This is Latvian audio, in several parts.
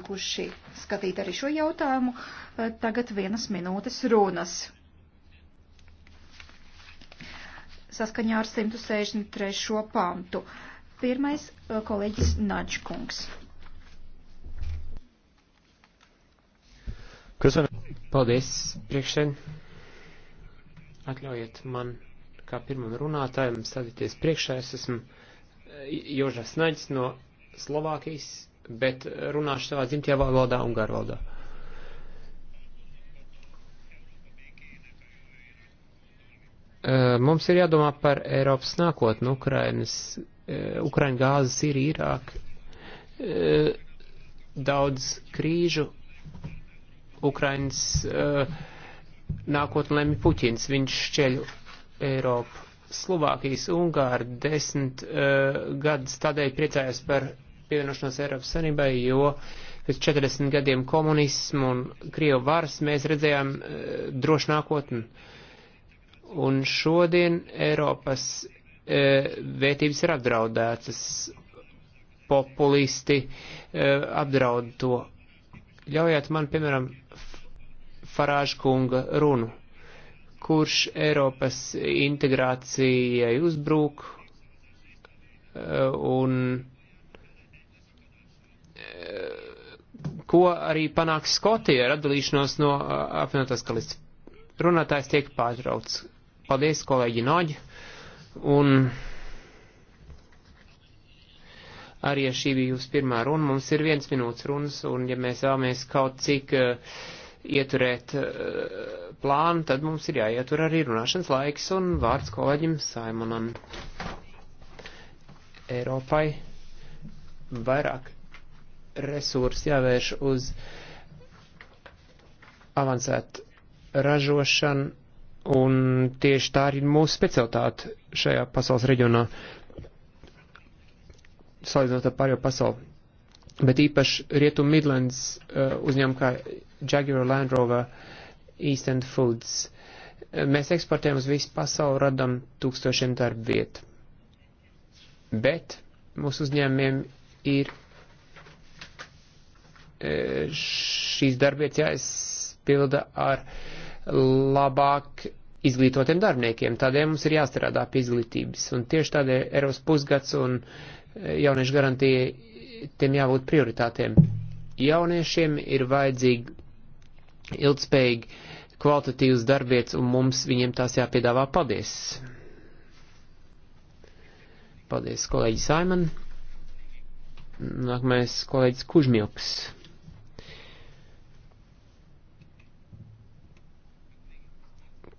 palikuši skatīt arī šo jautājumu. Eh, tagad vienas minūtes runas. Saskaņā ar 163. pantu. Pirmais eh, kolēģis Naģkungs. Kas var? Paldies, priekšsēd. Atļaujiet man kā pirmam runātājam stādīties priekšā. Es esmu eh, Jožas Naģis no Slovākijas bet runāšu savā dzimtajā valodā, ungāru valodā. Mums ir jādomā par Eiropas nākotni, Ukrainas, Ukraina gāzes ir Irāk, daudz krīžu, Ukrainas nākotni lemj Puķins, viņš šķeļ Eiropu. Slovākijas Ungāri desmit uh, gadus tādēļ priecājās par pievienošanos Eiropas Savienībai, jo pēc 40 gadiem komunismu un Krievu varas mēs redzējām uh, drošu nākotni. Un šodien Eiropas uh, vērtības ir apdraudētas. Populisti uh, apdraud to. Ļaujiet man, piemēram, Farāža kunga runu, kurš Eiropas integrācijai uzbrūk un ko arī panāks Skotija ar atdalīšanos no apvienotās kalists. Runātājs tiek pārtraucis. Paldies, kolēģi Noģi. Un arī, ja šī bija jūsu pirmā runa, mums ir viens minūtes runas, un ja mēs vēlamies kaut cik uh, ieturēt uh, plānu, tad mums ir jāietur arī runāšanas laiks un vārds kolēģim Saimonam. Eiropai vairāk resursi jāvērš uz avansētu ražošanu, un tieši tā arī mūsu specialitāte šajā pasaules reģionā, salīdzinot ar pārējo pasauli. Bet īpaši Rietum Midlands uh, uzņēmumi kā Jaguar Land Rover, East End Foods. Mēs eksportējam uz visu pasauli, radam tūkstošiem darba vietu. Bet mūsu uzņēmumiem ir E, šīs darbietas jāizpilda ar labāk izglītotiem darbniekiem. Tādēļ mums ir jāstrādā pie izglītības. Un tieši tādēļ Eiropas pusgads un e, jauniešu garantija tiem jābūt prioritātiem. Jauniešiem ir vajadzīgi ilgspējīgi kvalitatīvas darbietas, un mums viņiem tās jāpiedāvā. Paldies! Paldies, kolēģi Saimon! Nākamais kolēģis Kužmilks.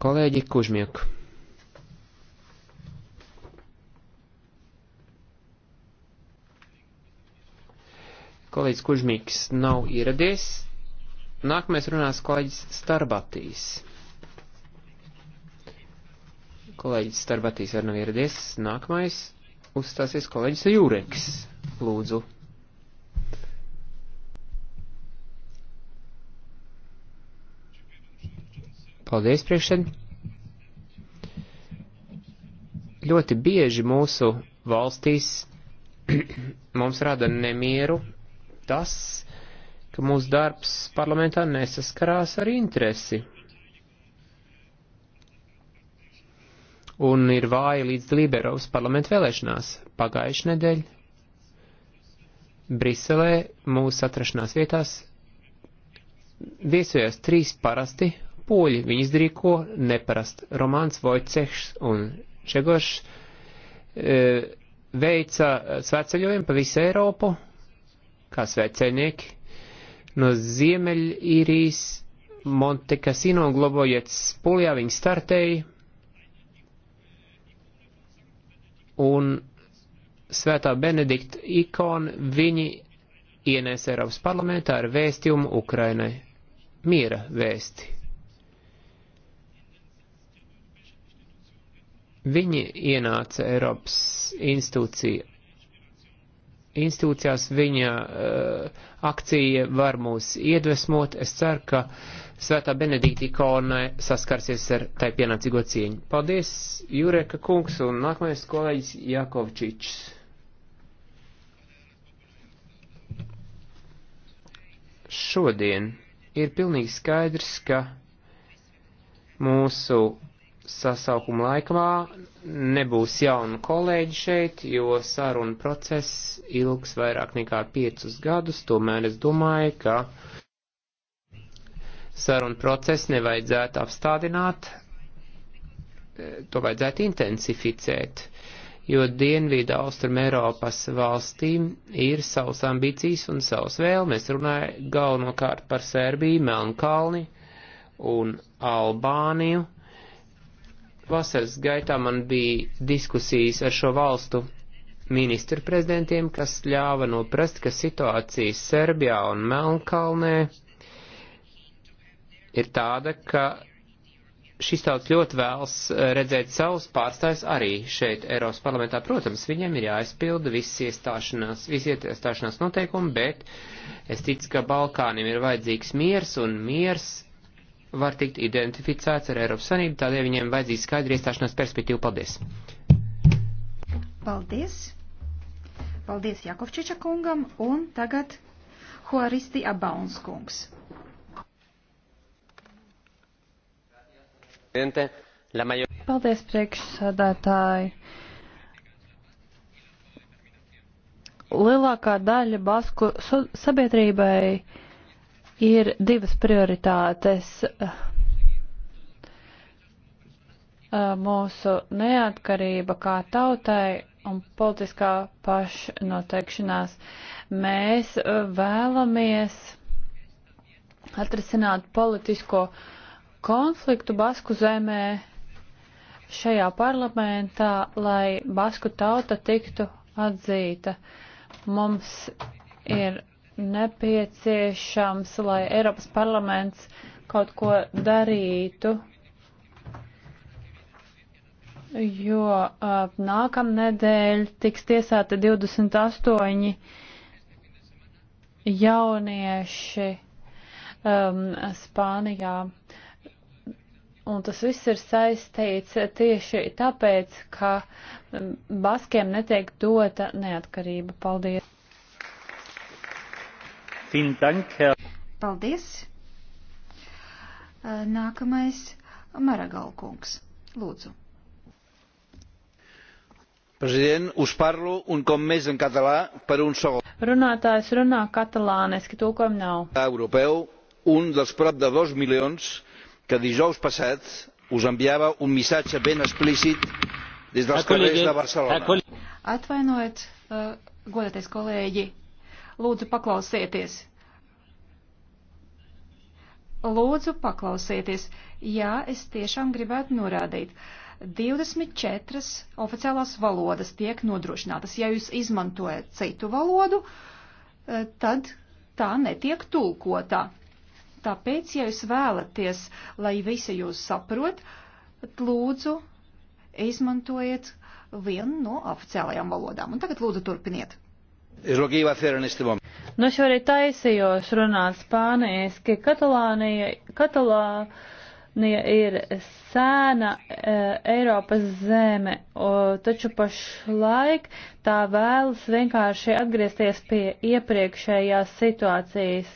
Kolēģi Kužmiek. Kolēģis Kužmīks nav ieradies. Nākamais runās kolēģis Starbatīs. Kolēģis Starbatīs vēl nav ieradies. Nākamais uzstāsies kolēģis Jūreks. Lūdzu. Paldies, priekšsēd. Ļoti bieži mūsu valstīs mums rada nemieru tas, ka mūsu darbs parlamentā nesaskarās ar interesi. Un ir vāja līdzdalība Eiropas parlamenta vēlēšanās. Pagājuši nedēļ Briselē mūsu atrašanās vietās viesojās trīs parasti poļi, viņi izdarīja ko neparasti. Romāns Vojcehs un Čegošs e, veica sveceļojumu pa visu Eiropu, kā sveceļnieki, no Ziemeļīrijas, Montekasino un Globojets polijā viņi startēja, un svētā Benedikta ikona viņi ienēs Eiropas parlamentā ar vēstījumu Ukrainai. Miera vēsti. Viņi ienāca Eiropas institūcija. institūcijās, viņa uh, akcija var mūs iedvesmot. Es ceru, ka Svētā Benedikta ikona saskarsies ar tai pienācīgo cieņu. Paldies, Jureka kungs un nākamais kolēģis Jakovčičs. Šodien ir pilnīgi skaidrs, ka mūsu sasaukuma laikā nebūs jaunu kolēģi šeit, jo saruna process ilgs vairāk nekā piecus gadus, tomēr es domāju, ka saruna procesu nevajadzētu apstādināt, to vajadzētu intensificēt, jo Dienvidu Austrum Eiropas valstīm ir savas ambīcijas un savas vēlmes. Runāja galvenokārt par Serbiju, Melnkalni un Albāniju Vasaras gaitā man bija diskusijas ar šo valstu ministru prezidentiem, kas ļāva noprast, ka situācija Serbijā un Melnkalnē ir tāda, ka šis tauts ļoti vēlas eh, redzēt savus pārstājus arī šeit Eiropas parlamentā. Protams, viņiem ir jāizpilda visi iestāšanās, visi iestāšanās noteikumi, bet es ticu, ka Balkāniem ir vajadzīgs miers un miers var tikt identificēts ar Eiropas Sanību, tādēļ viņiem vajadzīs skaidri iestāšanās perspektīvu. Paldies! Paldies! Paldies Jakovčiča kungam un tagad Hoaristi Abauns kungs. Paldies, priekšsādātāji! Lielākā daļa Basku sabiedrībai ir divas prioritātes eh, mūsu neatkarība kā tautai un politiskā pašnoteikšanās. Mēs eh, vēlamies atrisināt politisko konfliktu Basku zemē šajā parlamentā, lai Basku tauta tiktu atzīta. Mums ir nepieciešams, lai Eiropas parlaments kaut ko darītu, jo uh, nākamnedēļ tiks tiesāti 28 jaunieši um, Spānijā. Un tas viss ir saistīts tieši tāpēc, ka baskiem netiek dota neatkarība. Paldies! Paldies. Eh, nākamais Maragalkungs. Lūdzu. President, us parlo un cop més en català per un segon. Runātājs runā katalāniski, tulkojuma nav. Europeu, un dels prop de dos milions que dijous passat us enviava un missatge ben explícit des dels carrers de Barcelona. Atvainojiet, uh, godātais kolēģi, Lūdzu, paklausieties. Lūdzu, paklausieties. Jā, es tiešām gribētu norādīt. 24 oficiālās valodas tiek nodrošinātas. Ja jūs izmantojat citu valodu, eh, tad tā netiek tulkotā. Tāpēc, ja jūs vēlaties, lai visi jūs saprot, lūdzu, izmantojiet vienu no oficiālajām valodām. Un tagad lūdzu turpiniet. Es lo que iba a hacer en este momento. Nu, es jau arī taisījos runāt spāniski. Katalānija, Katalānija ir sēna e, Eiropas zeme, o, taču pašlaik tā vēlas vienkārši atgriezties pie iepriekšējās situācijas.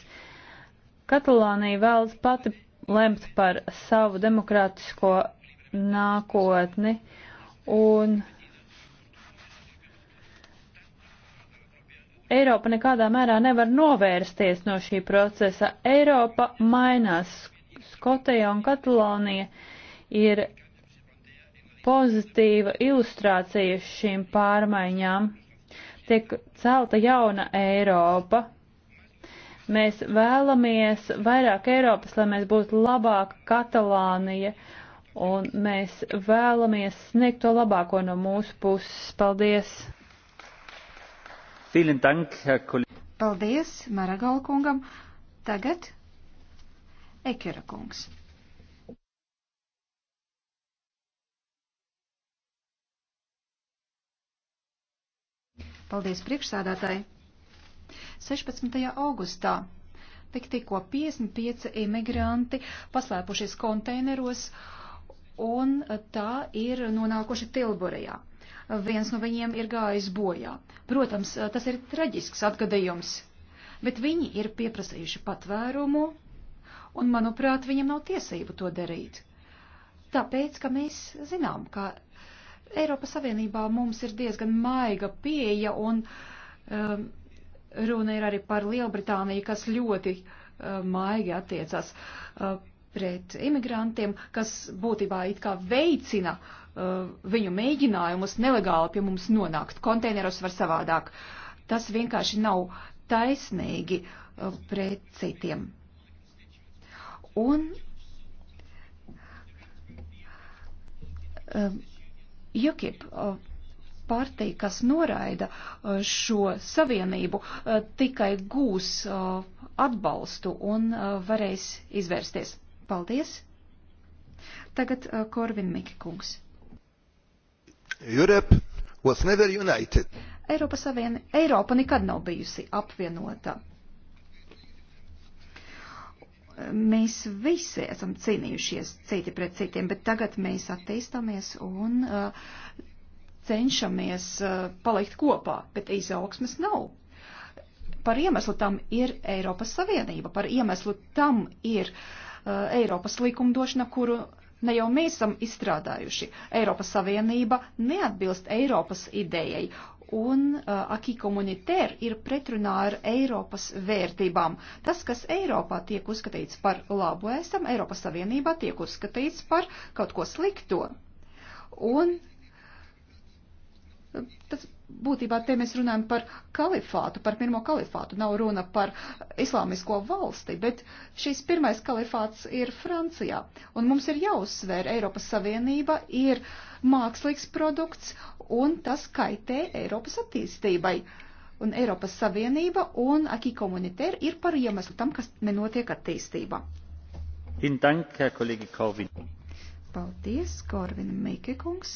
Katalānija vēlas pati lemt par savu demokrātisko nākotni un Eiropa nekādā mērā nevar novērsties no šī procesa. Eiropa mainās. Skotija un Katalonija ir pozitīva ilustrācija šīm pārmaiņām. Tiek celta jauna Eiropa. Mēs vēlamies vairāk Eiropas, lai mēs būtu labāka Katalānija, un mēs vēlamies sniegt to labāko no mūsu puses. Paldies! Dank, Paldies Maragala kungam. Tagad Ekera kungs. Paldies priekšsādātāji! 16. augustā tik tikko 55 imigranti paslēpušies konteineros un tā ir nonākuši Tilburijā viens no viņiem ir gājis bojā. Protams, eh, tas ir traģisks atgadījums, bet viņi ir pieprasījuši patvērumu, un, manuprāt, viņam nav tiesību to darīt. Tāpēc, ka mēs zinām, ka Eiropas Savienībā mums ir diezgan maiga pieeja, un um, runa ir arī par Lielbritāniju, kas ļoti uh, maigi attiecas uh, eh, pret imigrantiem, kas būtībā it kā veicina uh, Uh, viņu mēģinājumus nelegāli pie mums nonākt. Konteineros var savādāk. Tas vienkārši nav taisnīgi uh, pret citiem. Un um, UKIP uh, partija, kas noraida šo savienību, tikai gūs atbalstu un varēs izvērsties. Paldies! Tagad Korvin Mikikungs. Europe was never united. Eiropa, savien, Eiropa nekad nav bijusi apvienota. Mēs visi esam cīnījušies citi pret citiem, bet tagad mēs attīstāmies un uh, cenšamies uh, palikt kopā, bet izaugsmes nav. Par iemeslu tam ir Eiropas Savienība, par iemeslu tam ir uh, Eiropas likumdošana, kuru Ne jau mēs esam izstrādājuši. Eiropas Savienība neatbilst Eiropas idejai. Un uh, aki komunitēr ir pretrunā ar Eiropas vērtībām. Tas, kas Eiropā tiek uzskatīts par labu esam, Eiropas Savienībā tiek uzskatīts par kaut ko slikto. Un uh, tas būtībā te mēs runājam par kalifātu, par pirmo kalifātu, nav runa par islāmisko valsti, bet šis pirmais kalifāts ir Francijā. Un mums ir jāuzsver, Eiropas Savienība ir mākslīgs produkts un tas kaitē Eiropas attīstībai. Un Eiropas Savienība un aki komunitēri ir par iemeslu tam, kas nenotiek attīstībā. Paldies, Korvina Meikekungs.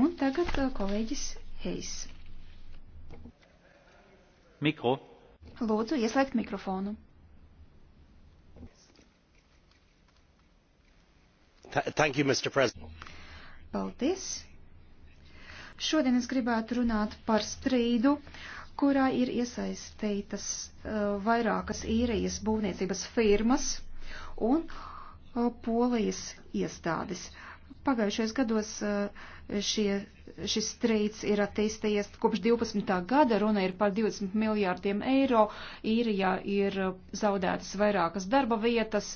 Un tagad uh, kolēģis Heis. Mikro. Lūdzu, ieslēgt mikrofonu. Thank you, Mr. President. Paldies. Šodien es gribētu runāt par strīdu, kurā ir iesaistītas uh, vairākas īrijas būvniecības firmas un uh, polijas iestādes. Pagājušajos gados uh, šie šis strīds ir attīstījies kopš 12. gada, runa ir par 20 miljārdiem eiro, īrijā ir uh, zaudētas vairākas darba vietas,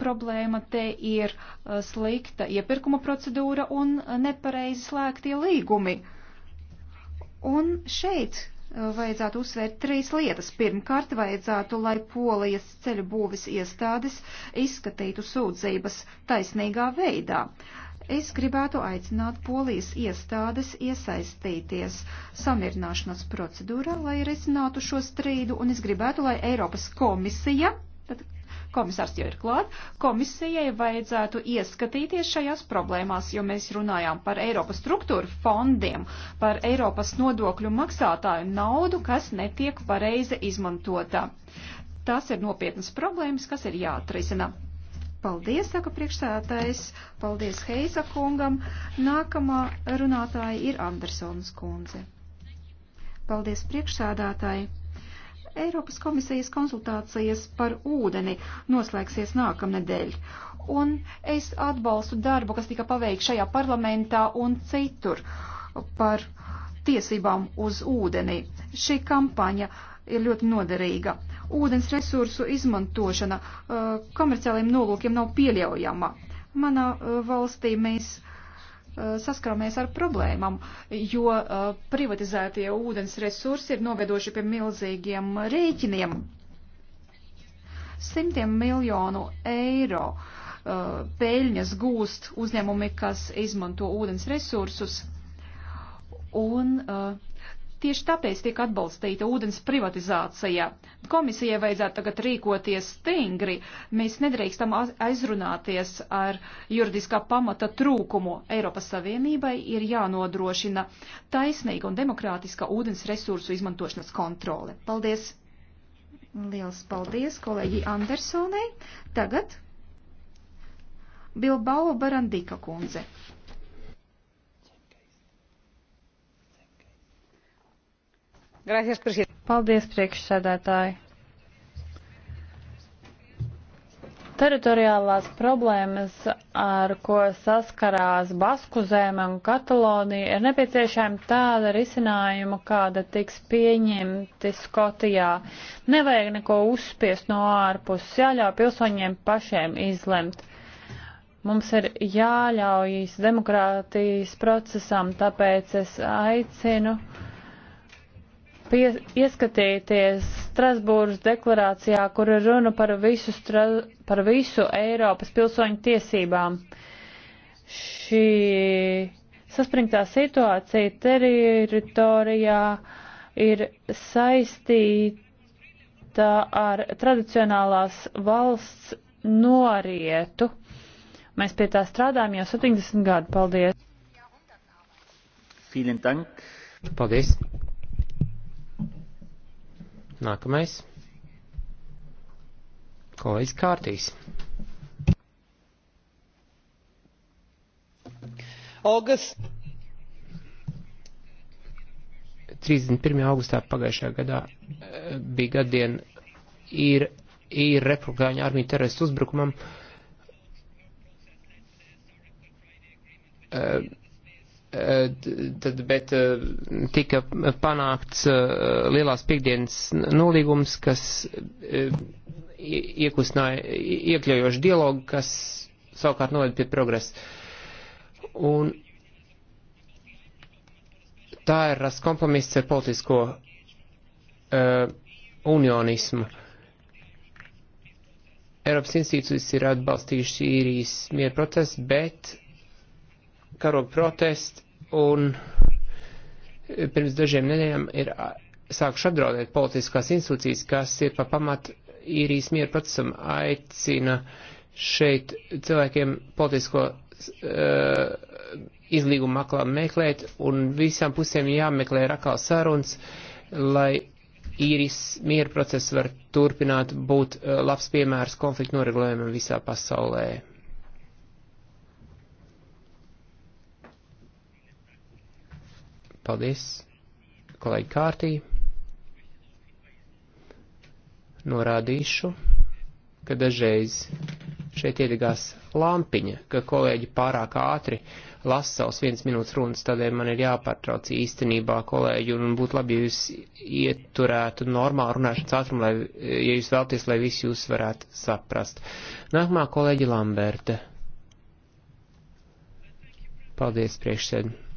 problēma te ir uh, slikta iepirkuma procedūra un uh, nepareizi slēgtie līgumi. Un šeit vajadzētu uzsvērt trīs lietas. Pirmkārt, vajadzētu, lai polijas ceļu būvis iestādes izskatītu sūdzības taisnīgā veidā. Uh, Es gribētu aicināt polijas iestādes iesaistīties samierināšanās procedūrā, lai risinātu šo strīdu, un es gribētu, lai Eiropas komisija, tad komisārs jau ir klāt, komisijai vajadzētu ieskatīties šajās problēmās, jo mēs runājām par Eiropas struktūru fondiem, par Eiropas nodokļu maksātāju naudu, kas netiek pareizi izmantota. Tas ir nopietnas problēmas, kas ir jāatrisina. Paldies, saka priekšsētājs. Paldies Heisa kungam. Nākamā runātāja ir Andersonas kundze. Paldies priekšsēdātāji. Eiropas komisijas konsultācijas par ūdeni noslēgsies nākamnedēļ. Un es atbalstu darbu, kas tika paveikts šajā parlamentā un citur par tiesībām uz ūdeni. Šī kampaņa ir ļoti noderīga ūdens resursu izmantošana uh, komerciāliem nolūkiem nav pieļaujama. Manā uh, valstī mēs uh, saskaramies ar problēmām, jo privatizētie ūdens resursi ir novedoši pie milzīgiem rēķiniem. Simtiem miljonu eiro peļņas gūst uzņēmumi, kas izmanto ūdens resursus, un uh, Tieši tāpēc tiek atbalstīta ūdens privatizācija. Komisijai vajadzētu tagad rīkoties stingri. Mēs nedrīkstam aizrunāties ar juridiskā pamata trūkumu. Eiropas Savienībai ir jānodrošina taisnīga un demokrātiska ūdens resursu izmantošanas kontrole. Paldies! Liels paldies kolēģi Andersonai. Tagad Bilbao Barandika kundze. Paldies, priekšsēdētāji. Teritoriālās problēmas, ar ko saskarās Basku zeme un Katalonija, ir nepieciešama tāda risinājuma, kāda tiks pieņemti Skotijā. Nevajag neko uzspiest no ārpuses, jāļauj pilsoņiem pašiem izlemt mums ir jāļaujas demokrātijas procesam, tāpēc es aicinu pie, ieskatīties Strasbūras deklarācijā, kur ir runa par visu, stra, par visu Eiropas pilsoņu tiesībām. Šī saspringtā situācija teritorijā ir saistīta ar tradicionālās valsts norietu. Mēs pie tā strādājam jau 70 gadu. Paldies! Vielen Dank! Paldies! Nākamais. Kolēģis Kārtīs. August. 31. augustā pagājušajā gadā eh, bija gadiena ir, ir republikāņu armiju teroristu uzbrukumam. Uh, Eh, tad, bet eh, tika panākts eh, lielās piekdienas nolīgums, kas iekustināja iekļaujošu dialogu, kas savukārt noved pie progresa. Un tā ir rast kompromiss ar politisko uh, unionismu. Eiropas institūcijas ir atbalstījuši īrijas mieru procesu, bet karoga protests un pirms dažiem nedēļām ir sākuši apdraudēt politiskās institūcijas, kas ir pa pamat īrijas mieru procesam aicina šeit cilvēkiem politisko uh, izlīgumu maklā meklēt un visām pusēm jāmeklē rakā sarunas, lai īrijas mieru process var turpināt būt uh, labs piemērs konfliktu noregulējumam visā pasaulē. Paldies, kolēģi Kārtī. Norādīšu, ka dažreiz šeit iedegās lampiņa, ka kolēģi pārāk ātri lasa savus viens minūtes runas, tādēļ man ir jāpārtrauc īstenībā kolēģi, un būtu labi, ja jūs ieturētu normālu runāšanas ātrumu, lai, ja jūs vēlties, lai visi jūs varētu saprast. Nākamā kolēģi Lamberta. Paldies, priekšsēdētāji.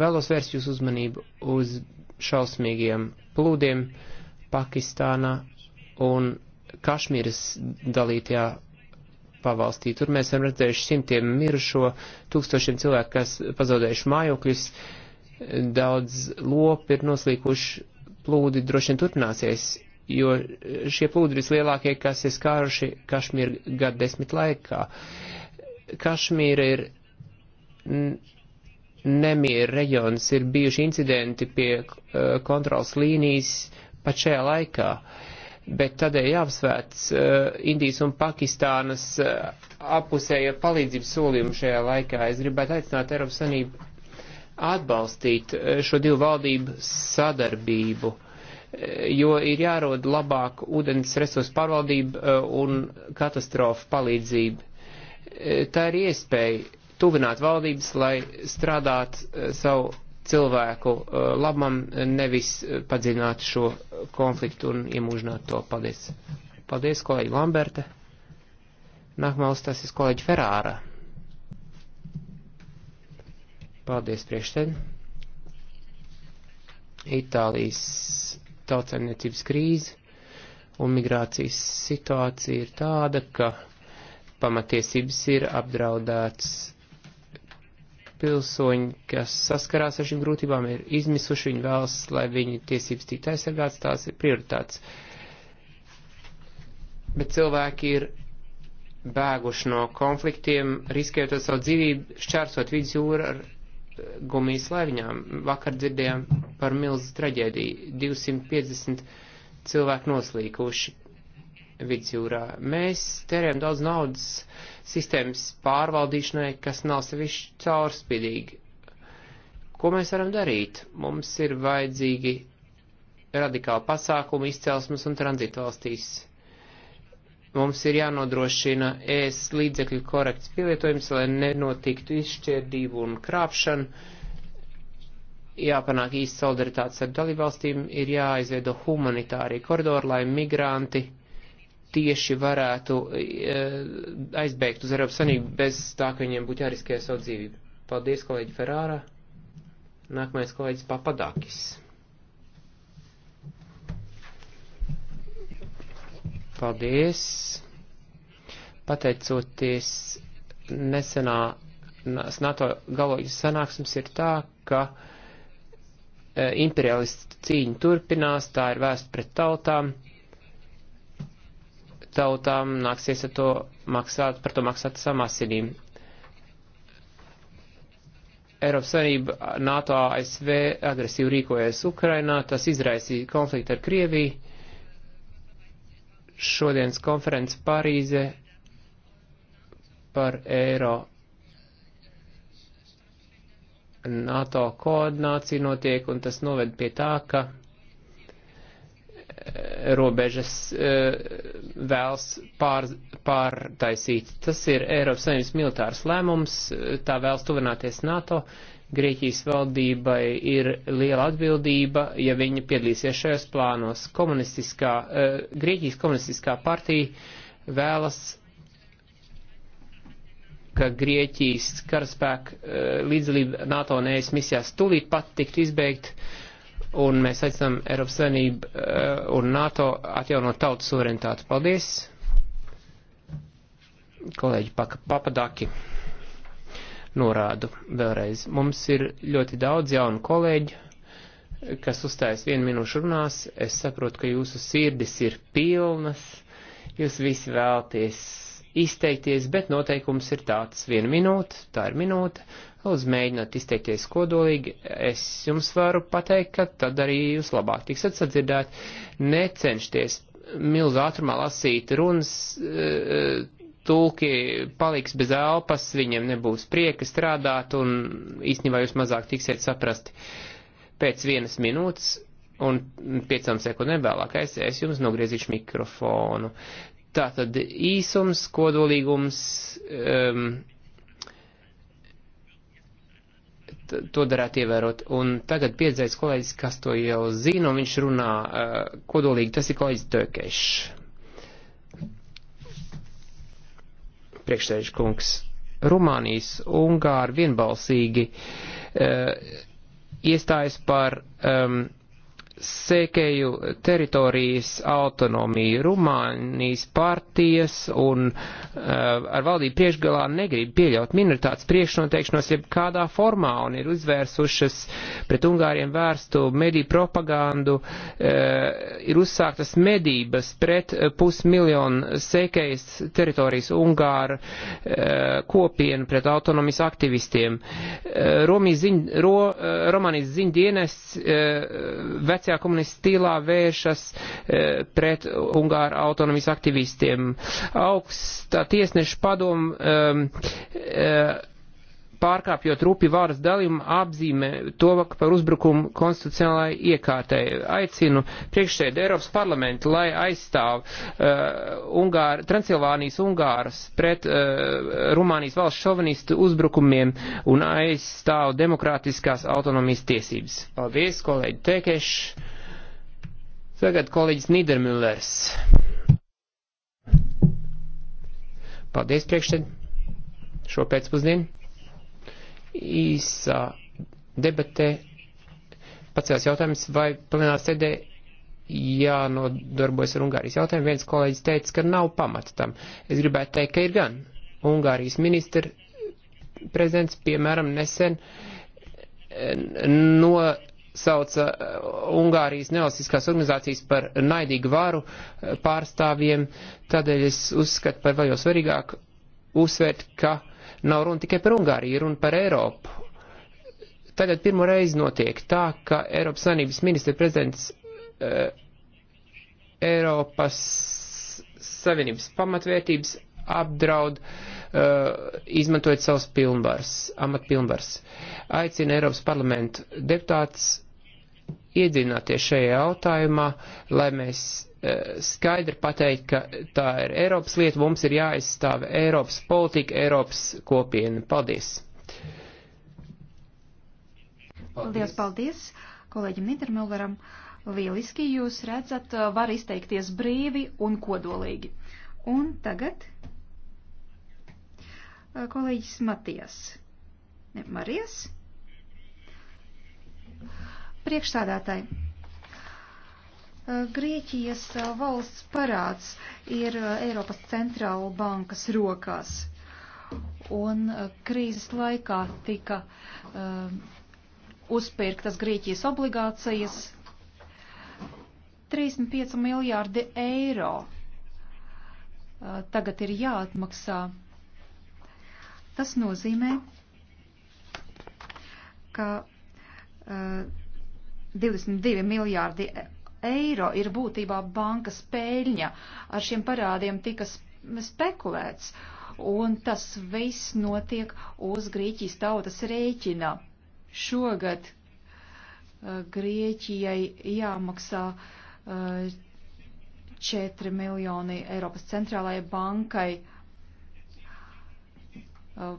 Vēlos vērst jūsu uzmanību uz šausmīgiem plūdiem Pakistānā un Kašmīras dalītajā pavalstī. Tur mēs esam redzējuši simtiem mirušo, tūkstošiem cilvēku, kas pazaudējuši mājokļus, daudz lopi ir noslīkuši, plūdi droši vien turpināsies, jo šie plūdi vislielākie, kas ir skāruši Kašmīru gadu desmit laikā. Kašmīra ir nemieru reģionus ir bijuši incidenti pie eh, kontrols līnijas pat šajā laikā. Bet tādēļ jāapsvērts eh, Indijas un Pakistānas eh, apusēja palīdzības solījumu šajā laikā. Es gribētu aicināt Eiropas Sanību atbalstīt šo divu valdību sadarbību, jo ir jārod labāk ūdens resursu pārvaldība un katastrofu palīdzība. Tā ir iespēja tuvināt valdības, lai strādāt eh, savu cilvēku eh, labam, nevis eh, padziļināt šo konfliktu un iemūžināt to. Paldies. Paldies, kolēģi Lamberte. Nākamais tas ir kolēģi Ferāra. Paldies, priekšsēd. Itālijas tautsaimniecības krīze un migrācijas situācija ir tāda, ka pamatiesības ir apdraudēts pilsoņi, kas saskarās ar šīm grūtībām, ir izmisuši, viņi vēlas, lai viņu tiesības tiktu aizsargāts, tās ir prioritātes. Bet cilvēki ir bēguši no konfliktiem, riskējot ar savu dzīvību, šķērsot vidus jūru ar eh, gumijas laiviņām. Vakar dzirdējām par milzu traģēdiju. 250 cilvēku noslīkuši vidusjūrā. Mēs terējam daudz naudas sistēmas pārvaldīšanai, kas nav sevišķi caurspīdīgi. Ko mēs varam darīt? Mums ir vajadzīgi radikāli pasākumi izcelsmes un tranzitvalstīs. Mums ir jānodrošina ēs līdzekļu korekts pielietojums, lai nenotiktu izšķērdību un krāpšanu. Jāpanāk īsta solidaritātes ar dalībvalstīm, ir jāizveido humanitārie koridori, lai migranti tieši varētu e, aizbēgt uz Eiropas Sanību bez tā, ka viņiem būtu jāriskē savu dzīvību. Paldies, kolēģi Ferrāra. Nākamais kolēģis Papadakis. Paldies. Pateicoties nesenā NATO galvojas sanāksmes ir tā, ka e, imperialistu cīņa turpinās, tā ir vēsta pret tautām tautām nāksies ar to maksāt, par to maksāt savām asinīm. Eiropas Savienība, NATO, ASV agresīvi rīkojas Ukrainā, tas izraisīja konfliktu ar Krieviju. Šodienas konference Parīze par eiro NATO koordināciju notiek, un tas noved pie tā, ka robežas e, vēlas pār, pārtaisīt. Tas ir Eiropas Savienības militārs lēmums, tā vēlas tuvināties NATO. Grieķijas valdībai ir liela atbildība, ja viņa piedalīsies šajos plānos. Komunistiskā, e, Grieķijas komunistiskā partija vēlas, ka Grieķijas karaspēka e, līdzdalība NATO un ES misijās tūlīt pat tiktu izbeigta un mēs aicinām Eiropas Savienību eh, un NATO atjaunot tautas suverenitāti. Paldies, kolēģi Papadaki. Norādu vēlreiz. Mums ir ļoti daudz jaunu kolēģu, kas uzstājas vienu minūšu runās. Es saprotu, ka jūsu sirdis ir pilnas, jūs visi vēlties izteikties, bet noteikums ir tāds - viena minūte, tā ir minūte, Lūdzu, mēģināt izteikties kodolīgi, es jums varu pateikt, ka tad arī jūs labāk tiksiet sadzirdēt, necenšties milzu ātrumā lasīt runas, eh, tulki paliks bez elpas, viņiem nebūs prieka strādāt un īstenībā jūs mazāk tiksiet saprasti. Pēc vienas minūtes un piecām sekundēm vēlāk es, es jums nogriezīšu mikrofonu. Tātad īsums, kodolīgums, um, to darētu ievērot. Un tagad piedzēs kolēģis, kas to jau zina, un viņš runā uh, kodolīgi, tas ir kolēģis Tökešs. Priekšsēdžu kungs. Rumānijas Ungāri vienbalsīgi uh, iestājas par um, Sēkeju teritorijas autonomiju. Rumānijas partijas un uh, ar valdību priekšgalā negrib pieļaut minoritātes priekšnoteikšanos jeb kādā formā un ir uzvērsušas pret Ungāriem vērstu mediju propagandu, uh, ir uzsāktas medības pret pusmiljonu Sēkejas teritorijas Ungāru uh, kopienu pret autonomijas aktivistiem. Uh, Romijas ziņ, ro, uh, Romānijas ziņdienests uh, vecā Vācijā komunistu stīlā vēršas e, pret Ungāru autonomijas aktivistiem. Augstā tiesneša padomu um, e, uh, e, pārkāpjot rupi varas dalījumu, apzīmē to par uzbrukumu konstitucionālai iekārtai. Aicinu priekšsēdi Eiropas parlamentu, lai aizstāv uh, Ungāri, Transilvānijas Ungāras pret uh, Rumānijas valsts šovinistu uzbrukumiem un aizstāv demokrātiskās autonomijas tiesības. Paldies, kolēģi Tekeš. Tagad kolēģis Nidermüllers. Paldies priekšsēd šo pēcpusdienu īsā debatē pacēlās jautājums, vai plenārā sēdē jānodarbojas ar Ungārijas jautājumu. Viens kolēģis teica, ka nav pamata tam. Es gribētu teikt, ka ir gan. Ungārijas ministra prezidents, piemēram, nesen eh, nosauca eh, Ungārijas nevalstiskās organizācijas par naidīgu varu eh, pārstāvjiem, tādēļ es uzskatu par vēl jau svarīgāk uzsvērt, ka uh, Nav runa tikai par Ungāriju, runa par Eiropu. Tagad pirmo reizi notiek tā, ka Eiropas Savienības ministra prezidents uh, Eiropas Savienības pamatvērtības apdraud, uh, izmantojot savus pilnvars, amatpilnvars. Aicina Eiropas parlamentu deputātus iedzināties šajā jautājumā, lai mēs Eh, skaidri pateikt, ka tā ir Eiropas lieta, mums ir jāaizstāv Eiropas politika, Eiropas kopiena. Paldies! paldies. Liels paldies kolēģim Nidermilleram. Lieliski jūs redzat, eh, var izteikties brīvi un kodolīgi. Un tagad eh, kolēģis Matijas. Ne, Marijas? Priekšstādātāji. Eh, Grieķijas eh, valsts parāds ir eh, Eiropas centrāla bankas rokās. Un krīzes laikā tika uh, uzpirktas Grieķijas obligācijas 35 miljārdi eiro. Uh, tagad ir jāatmaksā. Tas nozīmē, ka uh, 22 miljārdi eiro eiro ir būtībā bankas pēļņa. Ar šiem parādiem tika spekulēts, un tas viss notiek uz Grieķijas tautas rēķina. Šogad uh, Grieķijai jāmaksā uh, 4 miljoni Eiropas centrālajai bankai. Uh,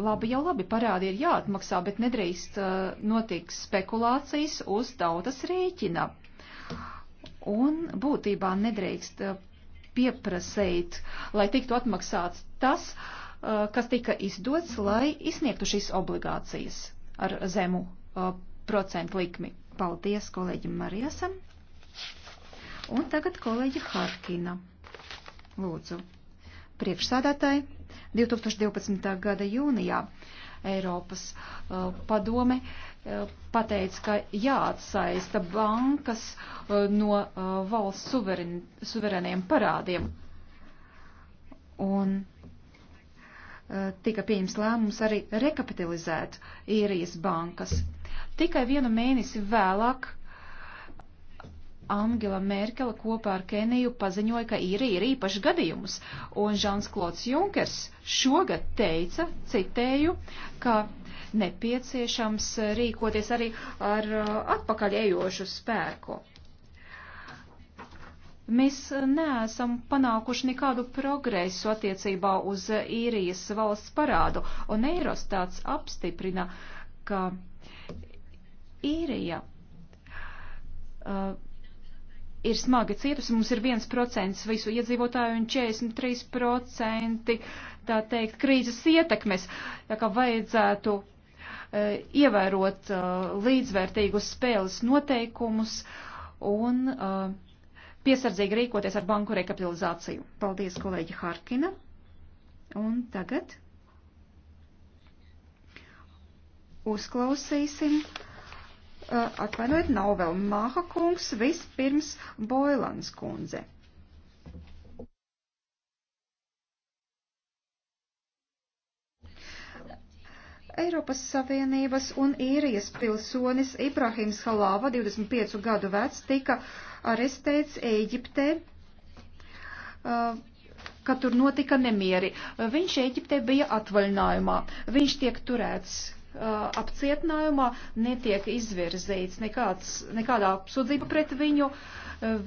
labi, jau labi, parādi ir jāatmaksā, bet nedrīkst uh, notikt spekulācijas uz tautas rēķina. Un būtībā nedrīkst uh, pieprasīt, lai tiktu atmaksāts tas, uh, kas tika izdots, lai izsniegtu šīs obligācijas ar zemu uh, procentu likmi. Paldies kolēģim Marijasam. Un tagad kolēģi Harkina. Lūdzu. Priekšsādātāji 2012. gada jūnijā Eiropas uh, padome pateica, ka jāatsaista bankas uh, no uh, valsts suveren, suvereniem parādiem. Un uh, tika pieņems lēmums arī rekapitalizēt īrijas bankas. Tikai vienu mēnesi vēlāk Angela Merkele kopā ar Keniju paziņoja, ka ir, ir īpaši gadījumus. Un Žans Klods Junkers šogad teica, citēju, ka nepieciešams rīkoties arī ar uh, atpakaļ ejošu spēku. Mēs neesam panākuši nekādu progresu attiecībā uz īrijas valsts parādu, un Eirostāts apstiprina, ka īrija uh, ir smagi cietusi. Mums ir 1% visu iedzīvotāju un 43% tā teikt krīzes ietekmes. Tā kā vajadzētu uh, ievērot uh, līdzvērtīgus spēles noteikumus un uh, piesardzīgi rīkoties ar banku rekapitalizāciju. Paldies, kolēģi Harkina. Un tagad uzklausīsim. Atvainojiet, nav vēl Māha kungs, vispirms Boilans kundze. Eiropas Savienības un īrijas pilsonis Ibrahims Halava, 25 gadu vecs, tika arestēts Ēģiptē, kad tur notika nemieri. Viņš Ēģiptē bija atvaļinājumā. Viņš tiek turēts apcietinājumā, netiek izvirzīts nekāds, nekādā apsūdzība pret viņu.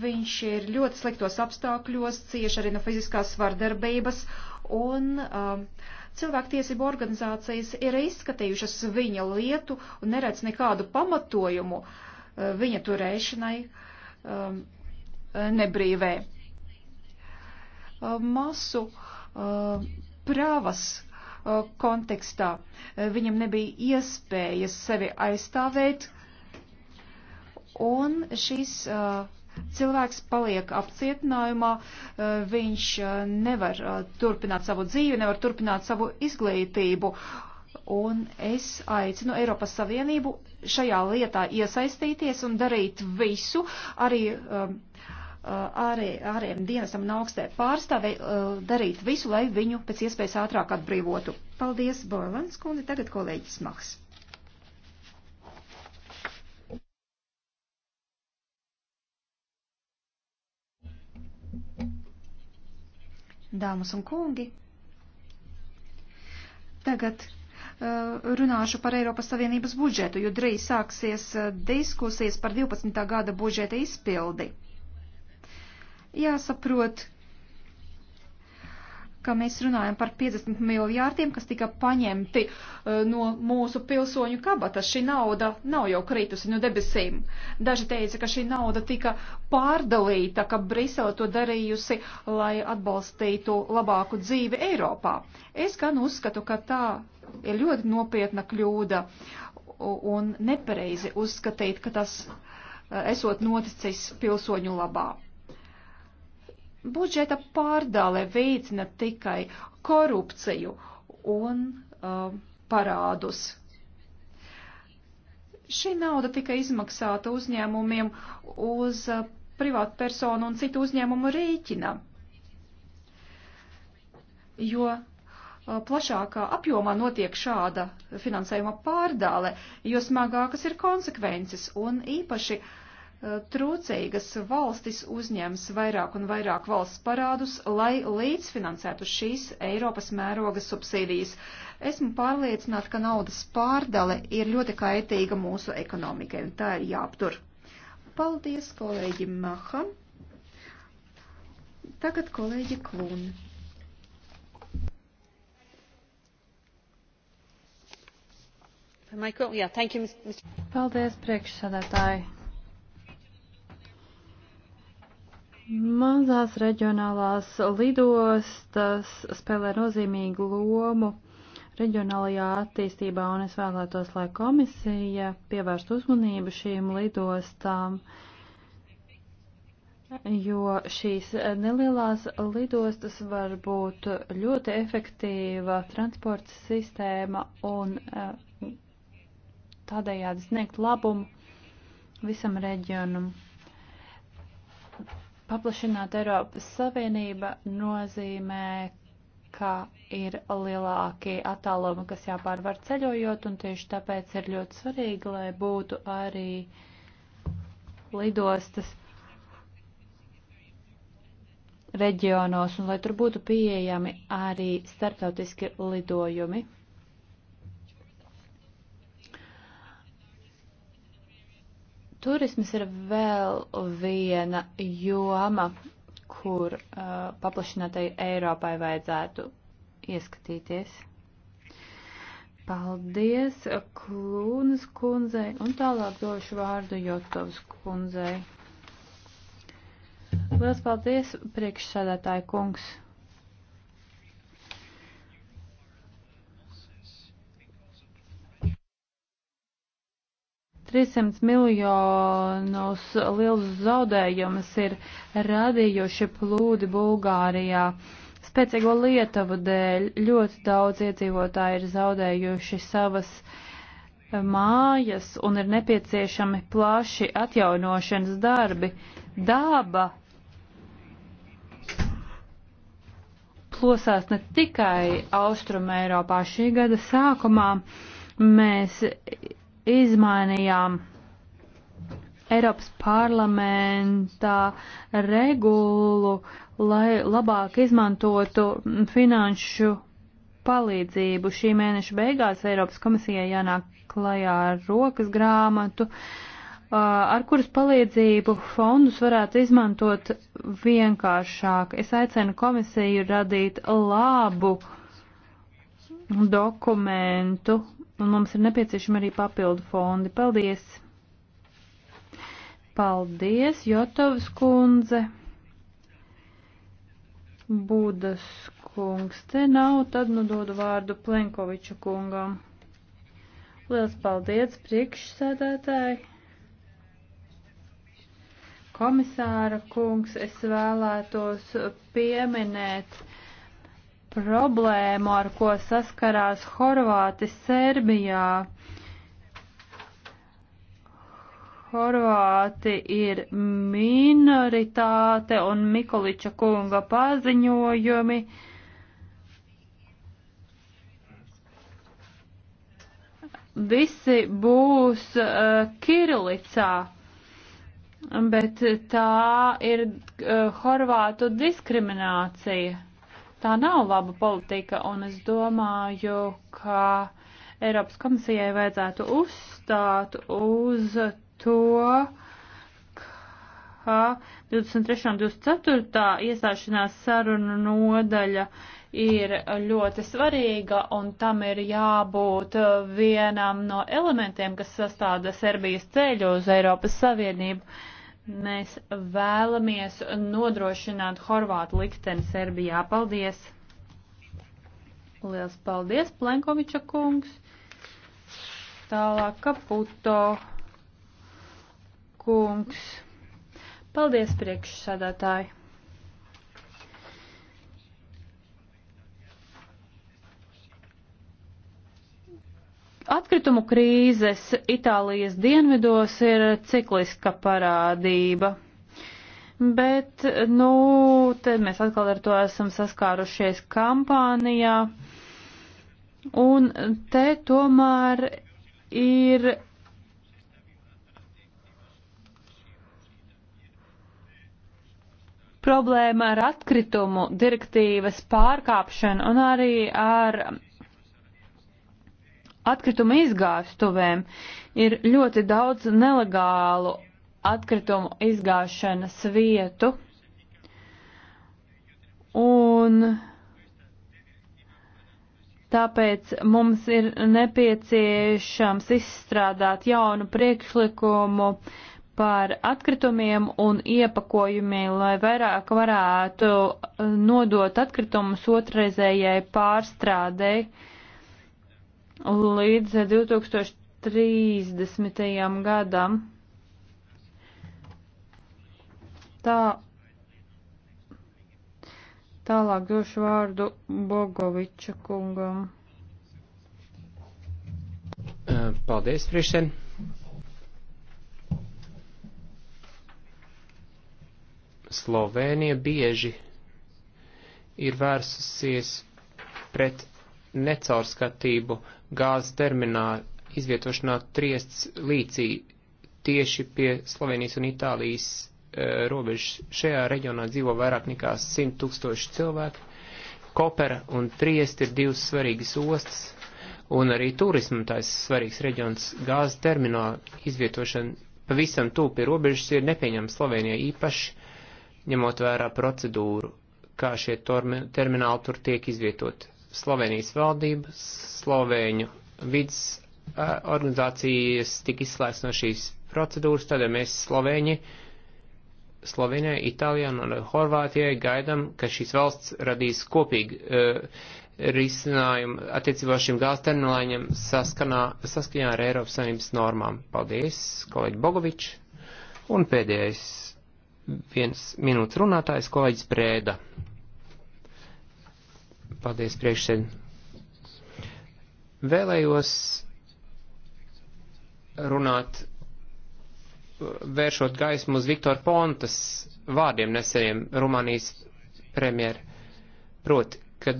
Viņš ir ļoti sliktos apstākļos, cieši arī no fiziskās svardarbības, un cilvēktiesību organizācijas ir izskatījušas viņa lietu un neredz nekādu pamatojumu viņa turēšanai nebrīvē. Masu prāvas Uh, kontekstā. Uh, viņam nebija iespējas sevi aizstāvēt, un šis uh, cilvēks paliek apcietinājumā, viņš nevar turpināt savu dzīvi, nevar turpināt savu izglītību. Un es aicinu Eiropas Savienību šajā lietā iesaistīties un darīt visu, arī um, Uh, arī ārējiem dienestam un augstē pārstāvei uh, darīt visu, lai viņu pēc iespējas ātrāk atbrīvotu. Paldies, Boilans kundze, tagad kolēģis Maks. Dāmas un kungi, tagad uh, runāšu par Eiropas Savienības budžetu, jo drīz sāksies diskusijas par 12. gada budžeta izpildi jāsaprot, ka mēs runājam par 50 miljārdiem, kas tika paņemti uh, no mūsu pilsoņu kabatas. Šī nauda nav jau kritusi no debesīm. Daži teica, ka šī nauda tika pārdalīta, ka Brisele to darījusi, lai atbalstītu labāku dzīvi Eiropā. Es gan uzskatu, ka tā ir ļoti nopietna kļūda un nepareizi uzskatīt, ka tas e, esot noticis pilsoņu labā budžeta pārdale veicina tikai korupciju un uh, parādus. Šī nauda tika izmaksāta uzņēmumiem uz uh, privātu personu un citu uzņēmumu rēķina, jo uh, plašākā apjomā notiek šāda finansējuma pārdāle, jo smagākas ir konsekvences un īpaši uh, Eh, trūcīgas valstis uzņems vairāk un vairāk valsts parādus, lai līdzfinansētu šīs Eiropas mēroga subsīdijas. Esmu pārliecināta, ka naudas pārdale ir ļoti kaitīga mūsu ekonomikai, un tā ir jāaptur. Paldies, kolēģi Maha. Tagad kolēģi Klūn. Paldies, priekšsādātāji. Mazās reģionālās lidostas spēlē nozīmīgu lomu reģionālajā attīstībā, un es vēlētos, lai komisija pievērst uzmanību šīm lidostām, jo šīs nelielās lidostas var būt ļoti efektīva transporta sistēma un eh, tādējādi sniegt labumu visam reģionam. Paplašināt Eiropas Savienība nozīmē, ka ir lielākie attālumi, kas jāpārvar ceļojot, un tieši tāpēc ir ļoti svarīgi, lai būtu arī lidostas reģionos, un lai tur būtu pieejami arī starptautiski lidojumi. Turismas ir vēl viena joma, kur uh, paplašinātai Eiropai vajadzētu ieskatīties. Paldies Klūnas kundzei un tālāk došu vārdu Jotovas kundzei. Lielas paldies, priekšsēdētāji kungs! 300 miljonus lielus zaudējumus ir radījuši plūdi Bulgārijā. Spēcīgo Lietuvu dēļ ļoti daudz iedzīvotāji ir zaudējuši savas eh, mājas un ir nepieciešami plaši atjaunošanas darbi. Dāba plosās ne tikai Austrum Eiropā šī gada sākumā. Mēs izmainījām Eiropas parlamentā regulu, lai labāk izmantotu finanšu palīdzību. Šī mēneša beigās Eiropas komisijai jānāk klajā ar rokas grāmatu, ar kuras palīdzību fondus varētu izmantot vienkāršāk. Es aicinu komisiju radīt labu dokumentu un mums ir nepieciešami arī papildu fondi. Paldies! Paldies, Jotovs kundze! Būdas kungs te nav, tad nu dodu vārdu Plenkoviča kungam. Liels paldies, priekšsēdētāji! Komisāra kungs, es vēlētos pieminēt problēmu, ar ko saskarās Horvāti Serbijā. Horvāti ir minoritāte un Mikoliča kunga paziņojumi. Visi būs uh, eh, Kirilicā, bet tā ir uh, Horvātu diskriminācija. Tā nav laba politika, un es domāju, ka Eiropas komisijai vajadzētu uzstāt uz to, ka 23. un 24. iestāšanās sarunu nodaļa ir ļoti svarīga, un tam ir jābūt vienam no elementiem, kas sastāda Serbijas ceļu uz Eiropas Savienību. Mēs vēlamies nodrošināt Horvātu likteni Serbijā. Paldies! Liels paldies, Plenkoviča kungs! Tālāk Kaputo kungs. Paldies, priekšsādātāji! Atkritumu krīzes Itālijas dienvidos ir cikliska parādība. Bet, nu, te mēs atkal ar to esam saskārušies kampānijā. Un te tomēr ir. Problēma ar atkritumu direktīvas pārkāpšanu un arī ar atkritumu izgāstuvēm. Ir ļoti daudz nelegālu atkritumu izgāšanas vietu. Un tāpēc mums ir nepieciešams izstrādāt jaunu priekšlikumu par atkritumiem un iepakojumiem, lai vairāk varētu nodot atkritumus otrreizējai pārstrādei līdz 2030. gadam. Tā, tālāk došu vārdu Bogoviča kungam. Paldies, priekšsēdētāj. Slovēnija bieži ir vērsusies pret necaurskatību gāzes terminā izvietošanā triests līcī tieši pie Slovenijas un Itālijas e, robežas. Šajā reģionā dzīvo vairāk nekā 100 tūkstoši cilvēku. Kopera un Triest ir divas svarīgas ostas, un arī turismu tais svarīgs reģions gāzes termināla izvietošana pavisam tūpi robežas ir nepieņemama Slovenijai īpaši, ņemot vērā procedūru, kā šie termināli tur tiek izvietoti. Slovenijas valdība, Slovēņu vidas eh, organizācijas tika izslēgts no šīs procedūras, tad mēs Slovēņi, Slovenijai, Itālijai un Horvātijai gaidām, ka šīs valsts radīs kopīgi uh, risinājumu attiecībā šiem gāzes termināliem saskaņā ar Eiropas Savienības normām. Paldies, kolēģi Bogovič. Un pēdējais viens minūtes runātājs, kolēģis Prēda. Paldies, priekšsēd. Vēlējos runāt, vēršot gaismu uz Viktor Pontas vārdiem neseniem Rumānijas premjeru. Proti, ka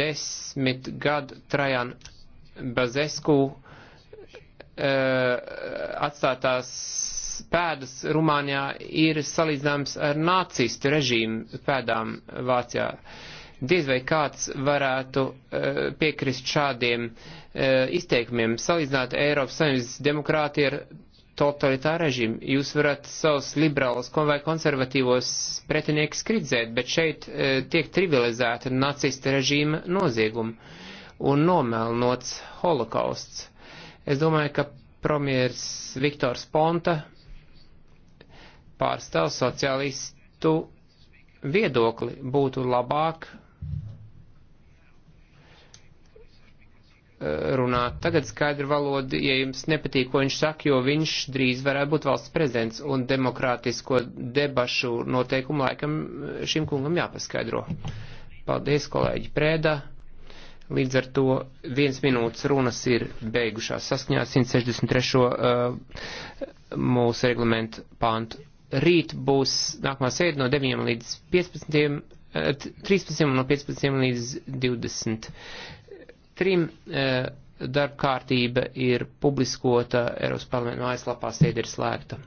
desmit gadu Trajan Bazesku uh, e, atstātās pēdas Rumānijā ir salīdzināms ar nacistu režīmu pēdām Vācijā. Uh, Diez vai kāds varētu eh, piekrist šādiem eh, izteikumiem, salīdzināt Eiropas Savienības demokrātiju ar totalitāru režīmu. Jūs varat savus liberālus vai konservatīvos pretiniekus kritizēt, bet šeit eh, tiek trivializēta nacista režīma nozieguma un nomēlnots holokausts. Es domāju, ka premjers Viktors Ponta pārstāv sociālistu viedokli būtu labāk runāt tagad skaidru valodu, ja jums nepatīk, ko viņš saka, jo viņš drīz varētu būt valsts prezidents un demokrātisko debašu noteikumu laikam šim kungam jāpaskaidro. Paldies, kolēģi Prēda. Līdz ar to viens minūtes runas ir beigušās saskaņā 163. Uh, mūsu reglamentu pāntu. Rīt būs nākamā sēde no 9 līdz 15. 13 uh, no 15 līdz 20. Trim e, darba kārtība ir publiskota Eiropas parlamenta mājaslapā, sēde ir slēgta.